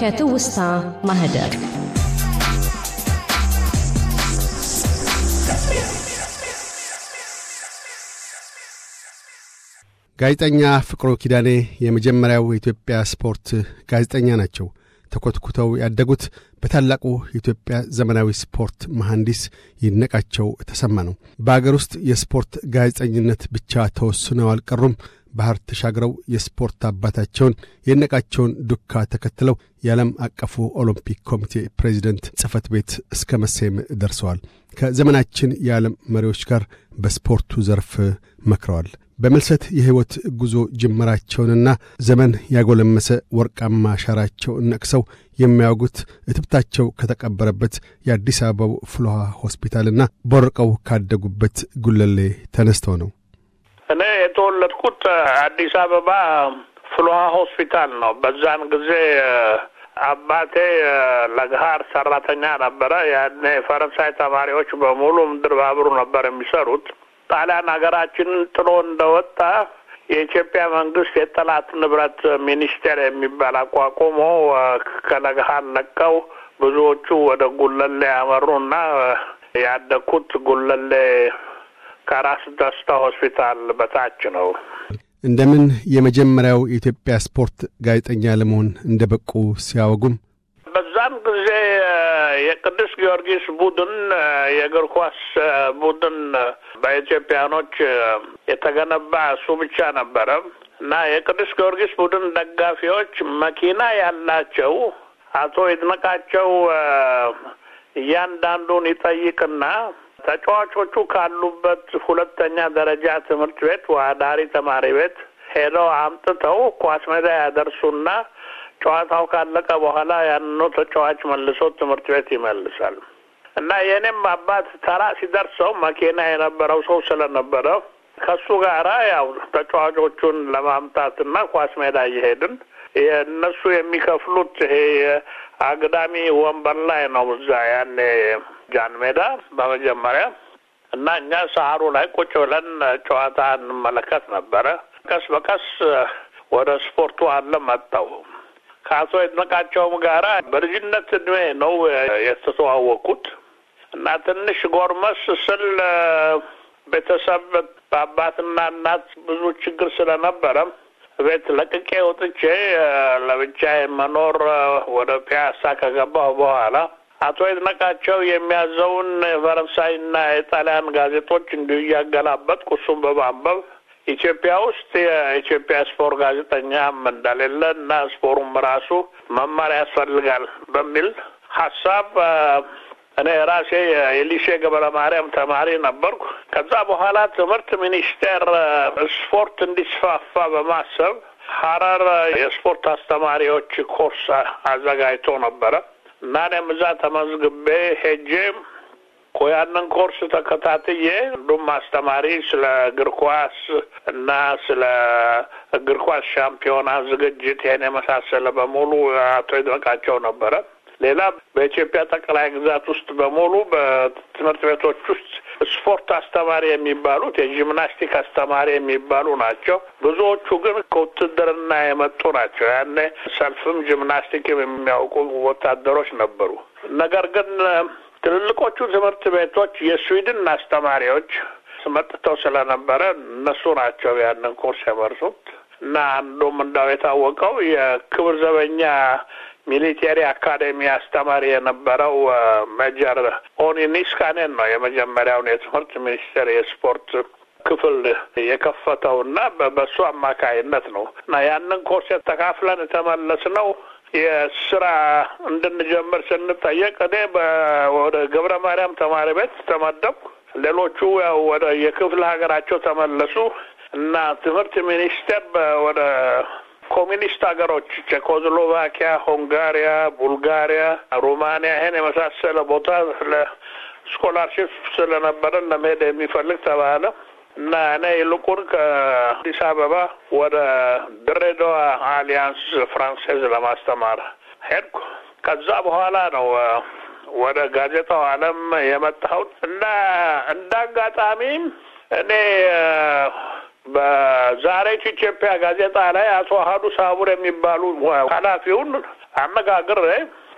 ከትውስታ ማህደር ጋዜጠኛ ፍቅሩ ኪዳኔ የመጀመሪያው የኢትዮጵያ ስፖርት ጋዜጠኛ ናቸው። ተኮትኩተው ያደጉት በታላቁ የኢትዮጵያ ዘመናዊ ስፖርት መሐንዲስ ይነቃቸው ተሰማ ነው። በአገር ውስጥ የስፖርት ጋዜጠኝነት ብቻ ተወስነው አልቀሩም። ባህር ተሻግረው የስፖርት አባታቸውን የነቃቸውን ዱካ ተከትለው የዓለም አቀፉ ኦሎምፒክ ኮሚቴ ፕሬዚደንት ጽፈት ቤት እስከ መሰየም ደርሰዋል። ከዘመናችን የዓለም መሪዎች ጋር በስፖርቱ ዘርፍ መክረዋል። በመልሰት የሕይወት ጉዞ ጅምራቸውንና ዘመን ያጎለመሰ ወርቃማ አሻራቸው ነቅሰው የሚያወጉት እትብታቸው ከተቀበረበት የአዲስ አበባው ፍሎሃ ሆስፒታልና በርቀው ካደጉበት ጉለሌ ተነስተው ነው። የተወለድኩት አዲስ አበባ ፍሉሃ ሆስፒታል ነው። በዛን ጊዜ አባቴ ለግሃር ሰራተኛ ነበረ። ያኔ የፈረንሳይ ተማሪዎች በሙሉ ምድር ባቡሩ ነበር የሚሰሩት። ጣሊያን ሀገራችንን ጥሎ እንደወጣ የኢትዮጵያ መንግስት የጠላት ንብረት ሚኒስቴር የሚባል አቋቁሞ ከለግሃር ለቀው ብዙዎቹ ወደ ጉለሌ ያመሩ እና ያደኩት ጉለሌ ከራስ ደስታ ሆስፒታል በታች ነው። እንደምን የመጀመሪያው የኢትዮጵያ ስፖርት ጋዜጠኛ ለመሆን እንደ በቁ ሲያወጉም በዛም ጊዜ የቅዱስ ጊዮርጊስ ቡድን የእግር ኳስ ቡድን በኢትዮጵያኖች የተገነባ እሱ ብቻ ነበረ እና የቅዱስ ጊዮርጊስ ቡድን ደጋፊዎች መኪና ያላቸው አቶ ይድነቃቸው እያንዳንዱን ይጠይቅና ተጫዋቾቹ ካሉበት ሁለተኛ ደረጃ ትምህርት ቤት ዋዳሪ ተማሪ ቤት ሄደው አምጥተው ኳስ ሜዳ ያደርሱና ጨዋታው ካለቀ በኋላ ያንኑ ተጫዋች መልሶ ትምህርት ቤት ይመልሳል እና የእኔም አባት ተራ ሲደርሰው መኪና የነበረው ሰው ስለነበረ ከሱ ጋራ ያው ተጫዋቾቹን ለማምጣትና ኳስ ሜዳ እየሄድን የእነሱ የሚከፍሉት ይሄ አግዳሚ ወንበር ላይ ነው እዛ ያኔ ጃን ሜዳ በመጀመሪያ እና እኛ ሰዓሩ ላይ ቁጭ ብለን ጨዋታ እንመለከት ነበረ። ቀስ በቀስ ወደ ስፖርቱ አለ መጣው ከአቶ ይድነቃቸውም ጋራ በልጅነት እድሜ ነው የተተዋወቁት እና ትንሽ ጎርመስ ስል ቤተሰብ በአባትና እናት ብዙ ችግር ስለነበረ ቤት ለቅቄ ወጥቼ ለብቻ መኖር ወደ ፒያሳ ከገባሁ በኋላ አቶ ይድነቃቸው የሚያዘውን የፈረንሳይና የጣሊያን ጋዜጦች እንዲሁ እያገላበጥኩ እሱም በማንበብ ኢትዮጵያ ውስጥ የኢትዮጵያ ስፖር ጋዜጠኛም እንደሌለ እና ስፖሩም ራሱ መማር ያስፈልጋል በሚል ሀሳብ እኔ ራሴ የሊሴ ገብረ ማርያም ተማሪ ነበርኩ። ከዛ በኋላ ትምህርት ሚኒስቴር ስፖርት እንዲስፋፋ በማሰብ ሀረር የስፖርት አስተማሪዎች ኮርስ አዘጋጅቶ ነበረ። እና እኔም እዛ ተመዝግቤ ሄጄም ያንን ኮርስ ተከታትዬ አንዱም አስተማሪ ስለ እግር ኳስ እና ስለ እግር ኳስ ሻምፒዮና ዝግጅት ይህን የመሳሰለ በሙሉ አቶ ይድነቃቸው ነበረ። ሌላ በኢትዮጵያ ጠቅላይ ግዛት ውስጥ በሙሉ በትምህርት ቤቶች ውስጥ ስፖርት አስተማሪ የሚባሉት የጂምናስቲክ አስተማሪ የሚባሉ ናቸው። ብዙዎቹ ግን ከውትድርና የመጡ ናቸው። ያኔ ሰልፍም ጂምናስቲክም የሚያውቁ ወታደሮች ነበሩ። ነገር ግን ትልልቆቹ ትምህርት ቤቶች የስዊድን አስተማሪዎች መጥተው ስለነበረ እነሱ ናቸው ያንን ኮርስ የመርሱት እና አንዱም እንዳው የታወቀው የክብር ዘበኛ ሚሊቴሪ አካዴሚ አስተማሪ የነበረው ሜጀር ኒስካኔን ነው የመጀመሪያውን የትምህርት ሚኒስቴር የስፖርት ክፍል የከፈተው እና በሱ አማካይነት ነው እና ያንን ኮርስ ተካፍለን የተመለስ ነው። የስራ እንድንጀምር ስንጠየቅ እኔ ወደ ገብረ ማርያም ተማሪ ቤት ተመደብኩ። ሌሎቹ ያው ወደ የክፍለ ሀገራቸው ተመለሱ እና ትምህርት ሚኒስቴር ወደ ኮሚኒስት ሀገሮች ቼኮስሎቫኪያ፣ ሆንጋሪያ፣ ቡልጋሪያ፣ ሩማንያ ይህን የመሳሰለ ቦታ ለስኮላርሽፕ ስለነበረ ለመሄድ የሚፈልግ ተባለ እና እኔ ይልቁን ከአዲስ አበባ ወደ ድሬዳዋ አሊያንስ ፍራንሴዝ ለማስተማር ሄድኩ። ከዛ በኋላ ነው ወደ ጋዜጣው ዓለም የመጣሁት እና እንደ እኔ በዛሬቱ ኢትዮጵያ ጋዜጣ ላይ አቶ አህዱ ሳቡር የሚባሉ ኃላፊውን አነጋግሬ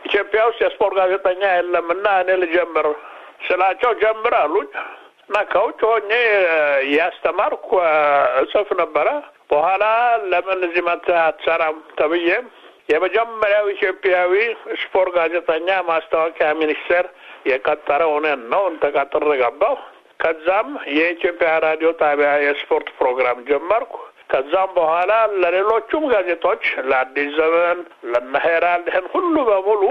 ኢትዮጵያ ውስጥ የስፖርት ጋዜጠኛ የለም እና እኔ ልጀምር ስላቸው ጀምር አሉኝ እና ከውጭ ሆኜ ያስተማርኩ እጽፍ ነበረ። በኋላ ለምን እዚህ መጥተህ አትሰራም ተብዬ የመጀመሪያው ኢትዮጵያዊ ስፖርት ጋዜጠኛ ማስታወቂያ ሚኒስቴር የቀጠረው ሆነን ነው። ተቀጥሬ ገባሁ። ከዛም የኢትዮጵያ ራዲዮ ጣቢያ የስፖርት ፕሮግራም ጀመርኩ። ከዛም በኋላ ለሌሎቹም ጋዜጦች ለአዲስ ዘመን፣ ለነ ሄራልድ፣ ሁሉ በሙሉ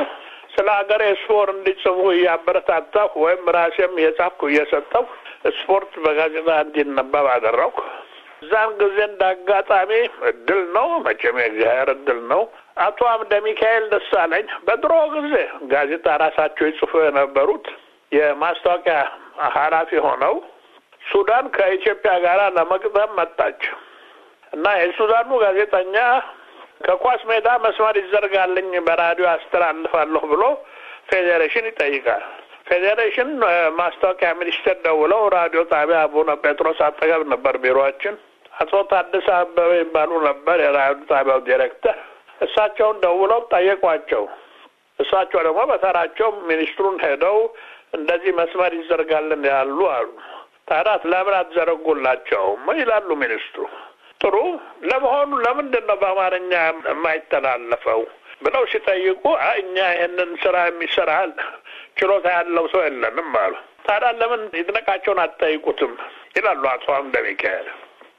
ስለ ሀገሬ ስፖርት እንዲጽፉ እያበረታታሁ ወይም ራሴም እየጻፍኩ እየሰጠሁ ስፖርት በጋዜጣ እንዲነበብ አደረኩ። እዛን ጊዜ እንደ አጋጣሚ እድል ነው መቼም የእግዚአብሔር እድል ነው። አቶ አምደ ሚካኤል ደሳለኝ በድሮ ጊዜ ጋዜጣ ራሳቸው ይጽፉ የነበሩት የማስታወቂያ ኃላፊ ሆነው ሱዳን ከኢትዮጵያ ጋር ለመቅጠም መጣች እና የሱዳኑ ጋዜጠኛ ከኳስ ሜዳ መስመር ይዘርጋልኝ በራዲዮ አስተላልፋለሁ ብሎ ፌዴሬሽን ይጠይቃል። ፌዴሬሽን ማስታወቂያ ሚኒስቴር ደውለው ራዲዮ ጣቢያ አቡነ ጴጥሮስ አጠገብ ነበር ቢሮችን። አቶ ታደሰ አበበ ይባሉ ነበር የራዲዮ ጣቢያው ዲሬክተር። እሳቸውን ደውለው ጠየቋቸው። እሳቸው ደግሞ በተራቸው ሚኒስትሩን ሄደው እንደዚህ መስመር ይዘርጋልን ያሉ አሉ። ታዲያ ለምን አትዘረጉላቸውም ይላሉ ሚኒስትሩ። ጥሩ ለመሆኑ ለምንድን ነው በአማርኛ የማይተላለፈው ብለው ሲጠይቁ እኛ ይህንን ስራ የሚሰራል ችሎታ ያለው ሰው የለንም አሉ። ታዲያ ለምን ይድነቃቸውን አትጠይቁትም ይላሉ አቶ አምደ ሚካኤል።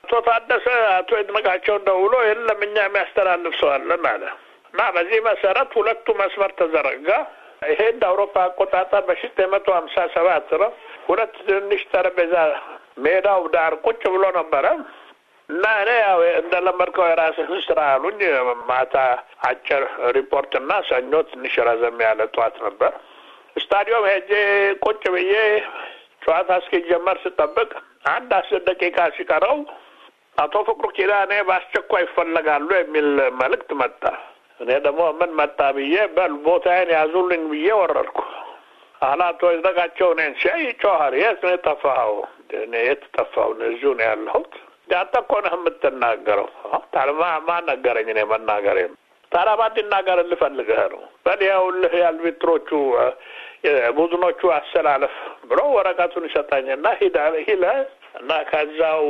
አቶ ታደሰ አቶ ይድነቃቸውን ደውሎ የለም እኛ የሚያስተላልፍ ሰው አለን አለ እና በዚህ መሰረት ሁለቱ መስመር ተዘረጋ። ይሄ እንደ አውሮፓ አቆጣጠር በሽት የመቶ ሀምሳ ሰባት ነው። ሁለት ትንሽ ጠረጴዛ ሜዳው ዳር ቁጭ ብሎ ነበረ እና እኔ ያው እንደለመድከው የራስህን ስራ አሉኝ። ማታ አጭር ሪፖርት እና ሰኞ ትንሽ ረዘም ያለ ጠዋት ነበር። ስታዲዮም ሄጄ ቁጭ ብዬ ጨዋታ እስኪጀመር ስጠብቅ አንድ አስር ደቂቃ ሲቀረው አቶ ፍቅሩ ኪዳኔ በአስቸኳይ ይፈለጋሉ የሚል መልእክት መጣ። እኔ ደግሞ ምን መጣ ብዬ በል ቦታዬን ያዙልኝ ብዬ ወረድኩ። አህላቶ ይዘጋቸው እኔን ሲያይ ይጮሃል። የት ነው የጠፋኸው? እኔ የት ጠፋሁ? እዚሁ ነው ያለሁት። አንተ እኮ ነህ የምትናገረው። ታልማ ማን ነገረኝ? እኔ መናገር ታዲያ ባንዲናገር ልፈልግህ ነው። በል ይኸውልህ የአልቤትሮቹ ቡድኖቹ አሰላለፍ ብሎ ወረቀቱን ይሰጠኝና ሂዳ ሂለ እና ከዛው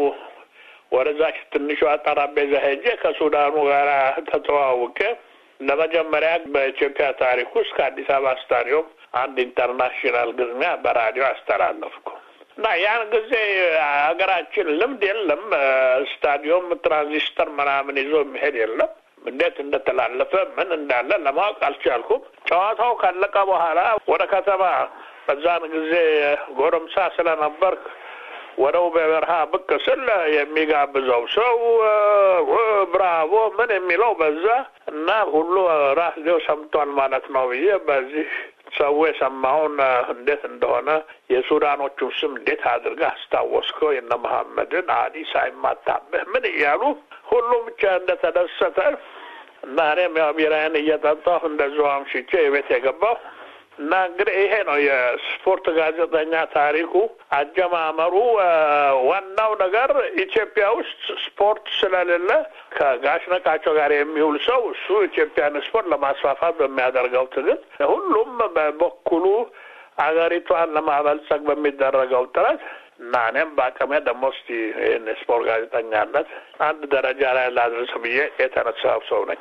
ወደዛች ትንሿ ጠረጴዛ ሄጄ ከሱዳኑ ጋር ተተዋውቄ ለመጀመሪያ በኢትዮጵያ ታሪክ ውስጥ ከአዲስ አበባ ስታዲየም አንድ ኢንተርናሽናል ግጥሚያ በራዲዮ አስተላለፍኩ እና ያን ጊዜ ሀገራችን ልምድ የለም። ስታዲየም ትራንዚስተር ምናምን ይዞ የሚሄድ የለም። እንዴት እንደተላለፈ ምን እንዳለ ለማወቅ አልቻልኩም። ጨዋታው ካለቀ በኋላ ወደ ከተማ በዛን ጊዜ ጎረምሳ ስለነበር ወደው በበረሃ ብቅ ስል የሚጋብዘው ሰው ብራቮ ምን የሚለው በዛ እና ሁሉ ራዲዮ ሰምቷል ማለት ነው ብዬ በዚህ ሰው የሰማውን እንዴት እንደሆነ የሱዳኖቹን ስም እንዴት አድርገህ አስታወስከው የነ መሐመድን አሊ ሳይማታብህ ምን እያሉ ሁሉም ብቻ እንደተደሰተ እና እኔም ያው ቢራዬን እየጠጣሁ እንደዚሁ አምሽቼ የቤት የገባሁ እና እንግዲህ ይሄ ነው የስፖርት ጋዜጠኛ ታሪኩ አጀማመሩ። ዋናው ነገር ኢትዮጵያ ውስጥ ስፖርት ስለሌለ ከጋሽነቃቸው ጋር የሚውል ሰው እሱ ኢትዮጵያን ስፖርት ለማስፋፋት በሚያደርገው ትግል ሁሉም በበኩሉ አገሪቷን ለማበልጸግ በሚደረገው ጥረት እና እኔም በአቅሜ ደግሞ እስቲ ይህን ስፖርት ጋዜጠኛነት አንድ ደረጃ ላይ ላድርስ ብዬ የተነሳው ሰው ነኝ።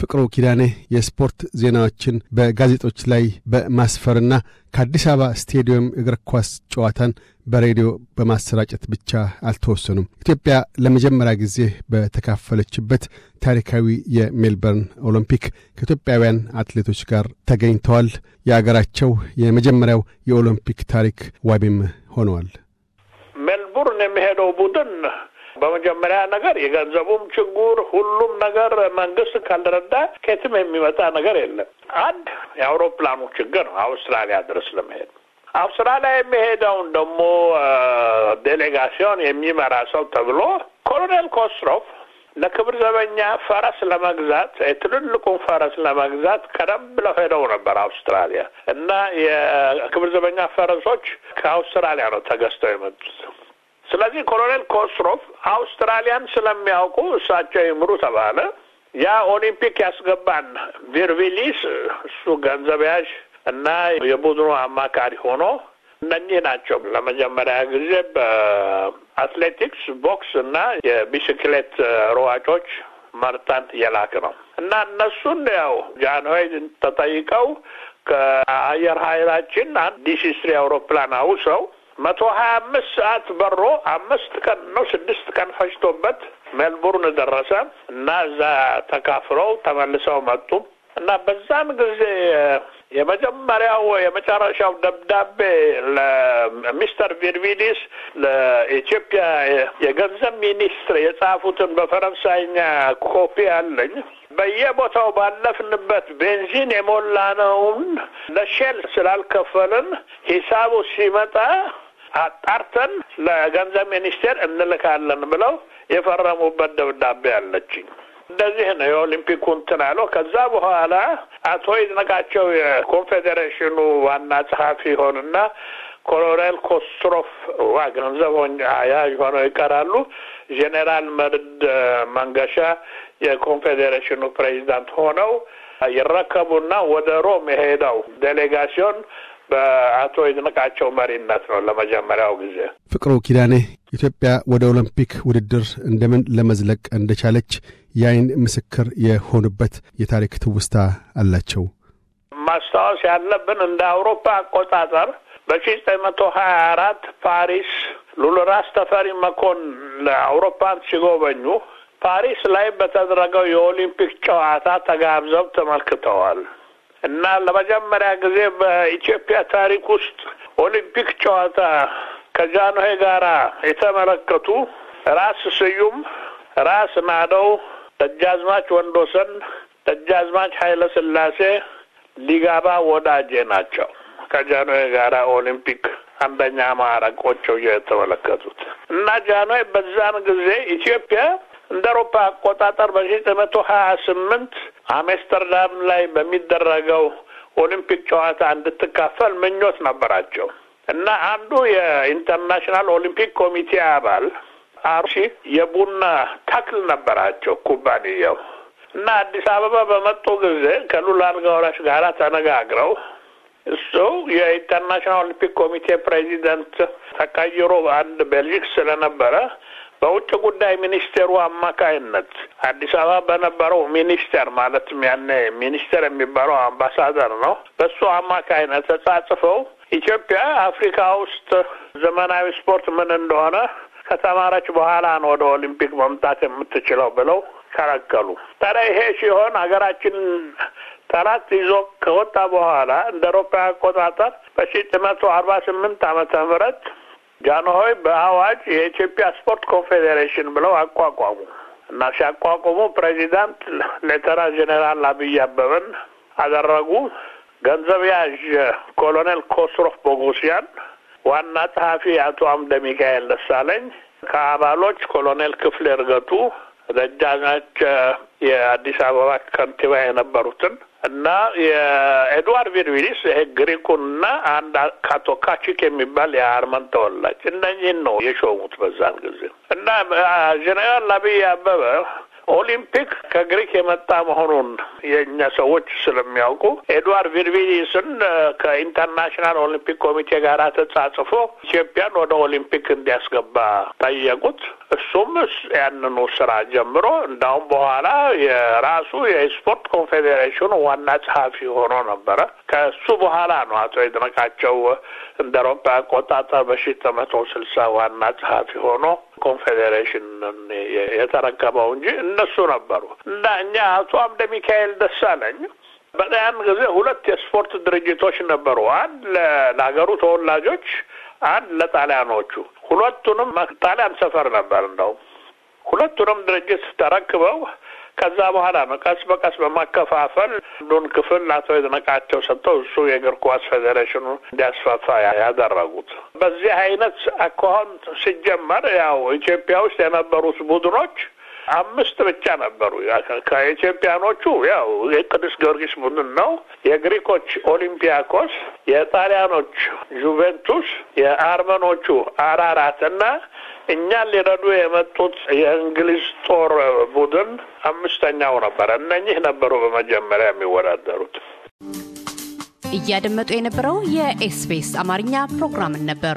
ፍቅሩ ኪዳኔ የስፖርት ዜናዎችን በጋዜጦች ላይ በማስፈርና ከአዲስ አበባ ስቴዲየም እግር ኳስ ጨዋታን በሬዲዮ በማሰራጨት ብቻ አልተወሰኑም። ኢትዮጵያ ለመጀመሪያ ጊዜ በተካፈለችበት ታሪካዊ የሜልበርን ኦሎምፒክ ከኢትዮጵያውያን አትሌቶች ጋር ተገኝተዋል። የአገራቸው የመጀመሪያው የኦሎምፒክ ታሪክ ዋቢም ሆነዋል። ሜልቡርን የሚሄደው ቡድን በመጀመሪያ ነገር የገንዘቡም ችግር ሁሉም ነገር መንግስት ካልረዳ ከየትም የሚመጣ ነገር የለም። አንድ የአውሮፕላኑ ችግር ነው አውስትራሊያ ድረስ ለመሄድ አውስትራሊያ የሚሄደውን ደግሞ ዴሌጋሲዮን የሚመራ ሰው ተብሎ ኮሎኔል ኮስትሮፍ ለክብር ዘበኛ ፈረስ ለመግዛት የትልልቁን ፈረስ ለመግዛት ቀደም ብለው ሄደው ነበር አውስትራሊያ እና የክብር ዘበኛ ፈረሶች ከአውስትራሊያ ነው ተገዝተው የመጡት። ስለዚህ ኮሎኔል ኮስትሮፍ አውስትራሊያን ስለሚያውቁ እሳቸው ይምሩ ተባለ። ያ ኦሊምፒክ ያስገባን ቪርቪሊስ እሱ ገንዘብ ያዥ እና የቡድኑ አማካሪ ሆኖ እነኚህ ናቸው ለመጀመሪያ ጊዜ በአትሌቲክስ፣ ቦክስ እና የቢስክሌት ሯጮች መርጠን የላክ ነው እና እነሱን ያው ጃንሆይ ተጠይቀው ከአየር ኃይላችን አንድ ዲ ስሪ አውሮፕላን አውሰው መቶ ሀያ አምስት ሰዓት በሮ አምስት ቀን ነው ስድስት ቀን ፈጅቶበት ሜልቡርን ደረሰ እና እዛ ተካፍረው ተመልሰው መጡ እና በዛም ጊዜ የመጀመሪያው የመጨረሻው ደብዳቤ ለሚስተር ቪርቪዲስ ለኢትዮጵያ የገንዘብ ሚኒስትር የጻፉትን በፈረንሳይኛ ኮፒ አለኝ። በየቦታው ባለፍንበት ቤንዚን የሞላነውን ለሼል ስላልከፈልን ሂሳቡ ሲመጣ አጣርተን ለገንዘብ ሚኒስቴር እንልካለን ብለው የፈረሙበት ደብዳቤ አለችኝ። እንደዚህ ነው የኦሊምፒኩ እንትን አለው። ከዛ በኋላ አቶ ይድነቃቸው የኮንፌዴሬሽኑ ዋና ጸሐፊ ሆንና ኮሎኔል ኮስትሮፍ ዋ ገንዘብ አያዥ ሆነው ይቀራሉ። ጄኔራል መርድ መንገሻ የኮንፌዴሬሽኑ ፕሬዚዳንት ሆነው ይረከቡና ወደ ሮም የሄደው ዴሌጋሲዮን በአቶ ይድነቃቸው መሪነት ነው ለመጀመሪያው ጊዜ። ፍቅሩ ኪዳኔ ኢትዮጵያ ወደ ኦሎምፒክ ውድድር እንደምን ለመዝለቅ እንደቻለች የአይን ምስክር የሆኑበት የታሪክ ትውስታ አላቸው። ማስታወስ ያለብን እንደ አውሮፓ አቆጣጠር በሺ ዘጠኝ መቶ ሀያ አራት ፓሪስ ሉል ራስ ተፈሪ መኮን አውሮፓን ሲጎበኙ ፓሪስ ላይ በተደረገው የኦሊምፒክ ጨዋታ ተጋብዘው ተመልክተዋል። እና ለመጀመሪያ ጊዜ በኢትዮጵያ ታሪክ ውስጥ ኦሊምፒክ ጨዋታ ከጃንሆይ ጋራ የተመለከቱ ራስ ስዩም፣ ራስ ናደው፣ ደጃዝማች ወንዶሰን፣ ደጃዝማች ኃይለ ስላሴ ሊጋባ ወዳጄ ናቸው። ከጃንሆይ ጋራ ኦሊምፒክ አንደኛ ማዕረግ የተመለከቱት እና ጃንሆይ በዛን ጊዜ ኢትዮጵያ እንደ አውሮፓ አቆጣጠር በሺህ ዘጠኝ መቶ ሀያ ስምንት አምስተርዳም ላይ በሚደረገው ኦሊምፒክ ጨዋታ እንድትካፈል ምኞት ነበራቸው እና አንዱ የኢንተርናሽናል ኦሊምፒክ ኮሚቴ አባል አርሺ የቡና ተክል ነበራቸው ኩባንያው እና አዲስ አበባ በመጡ ጊዜ ከሉላ አልጋ ወራሽ ጋር ተነጋግረው እሱ የኢንተርናሽናል ኦሊምፒክ ኮሚቴ ፕሬዚደንት ተቀይሮ አንድ ቤልጂክ ስለነበረ በውጭ ጉዳይ ሚኒስቴሩ አማካይነት አዲስ አበባ በነበረው ሚኒስቴር ማለትም ያኔ ሚኒስቴር የሚባለው አምባሳደር ነው። በሱ አማካይነት ተጻጽፈው ኢትዮጵያ አፍሪካ ውስጥ ዘመናዊ ስፖርት ምን እንደሆነ ከተማረች በኋላ ነው ወደ ኦሊምፒክ መምጣት የምትችለው ብለው ከለከሉ። ታዲያ ይሄ ሲሆን ሀገራችን ጠላት ይዞ ከወጣ በኋላ እንደ አውሮፓውያን አቆጣጠር በሺህ መቶ አርባ ስምንት ዓመተ ምህረት ጃንሆይ በአዋጅ የኢትዮጵያ ስፖርት ኮንፌዴሬሽን ብለው አቋቋሙ እና ሲያቋቁሙ ፕሬዚዳንት ሌተራ ጄኔራል አብይ አበበን አደረጉ። ገንዘብ ያዥ ኮሎኔል ኮስሮፍ ቦጎሲያን፣ ዋና ጸሐፊ አቶ አምደ ሚካኤል ደሳለኝ፣ ከአባሎች ኮሎኔል ክፍሌ እርገቱ ደጃዝማች የአዲስ አበባ ከንቲባ የነበሩትን እና የኤድዋርድ ቪርቪሊስ ይሄ ግሪኩን እና አንድ ካቶ ካቺክ የሚባል የአርመን ተወላጅ እነዚህን ነው የሾሙት በዛን ጊዜ እና ጀኔራል አብይ አበበ ኦሊምፒክ ከግሪክ የመጣ መሆኑን የእኛ ሰዎች ስለሚያውቁ ኤድዋርድ ቪርቢሊስን ከኢንተርናሽናል ኦሊምፒክ ኮሚቴ ጋር ተጻጽፎ ኢትዮጵያን ወደ ኦሊምፒክ እንዲያስገባ ጠየቁት። እሱም ያንኑ ስራ ጀምሮ እንዳውም በኋላ የራሱ የስፖርት ኮንፌዴሬሽኑ ዋና ጸሐፊ ሆኖ ነበረ። ከሱ በኋላ ነው አቶ ይድነቃቸው እንደ አውሮፓ አቆጣጠር በሺህ ተመቶ ስልሳ ዋና ጸሐፊ ሆኖ ኮንፌዴሬሽንን የተረከበው እንጂ እነሱ ነበሩ እና እኛ አቶ አምደ ሚካኤል ደሳለኝ በያን ጊዜ ሁለት የስፖርት ድርጅቶች ነበሩ። አንድ ለሀገሩ ተወላጆች፣ አንድ ለጣሊያኖቹ ሁለቱንም ጣሊያን ሰፈር ነበር እንደውም ሁለቱንም ድርጅት ተረክበው ከዛ በኋላ መቀስ በቀስ በማከፋፈል አንዱን ክፍል አቶ የዝነቃቸው ሰጥተው እሱ የእግር ኳስ ፌዴሬሽኑ እንዲያስፋፋ ያደረጉት። በዚህ አይነት አኳኋን ሲጀመር ያው ኢትዮጵያ ውስጥ የነበሩት ቡድኖች አምስት ብቻ ነበሩ። ከኢትዮጵያኖቹ ያው የቅዱስ ጊዮርጊስ ቡድን ነው። የግሪኮች ኦሊምፒያኮስ፣ የጣሊያኖች ጁቬንቱስ፣ የአርመኖቹ አራራት እና እኛን ሊረዱ የመጡት የእንግሊዝ ጦር ቡድን አምስተኛው ነበረ እነኚህ ነበሩ በመጀመሪያ የሚወዳደሩት። እያደመጡ የነበረው የኤስቢኤስ አማርኛ ፕሮግራምን ነበር።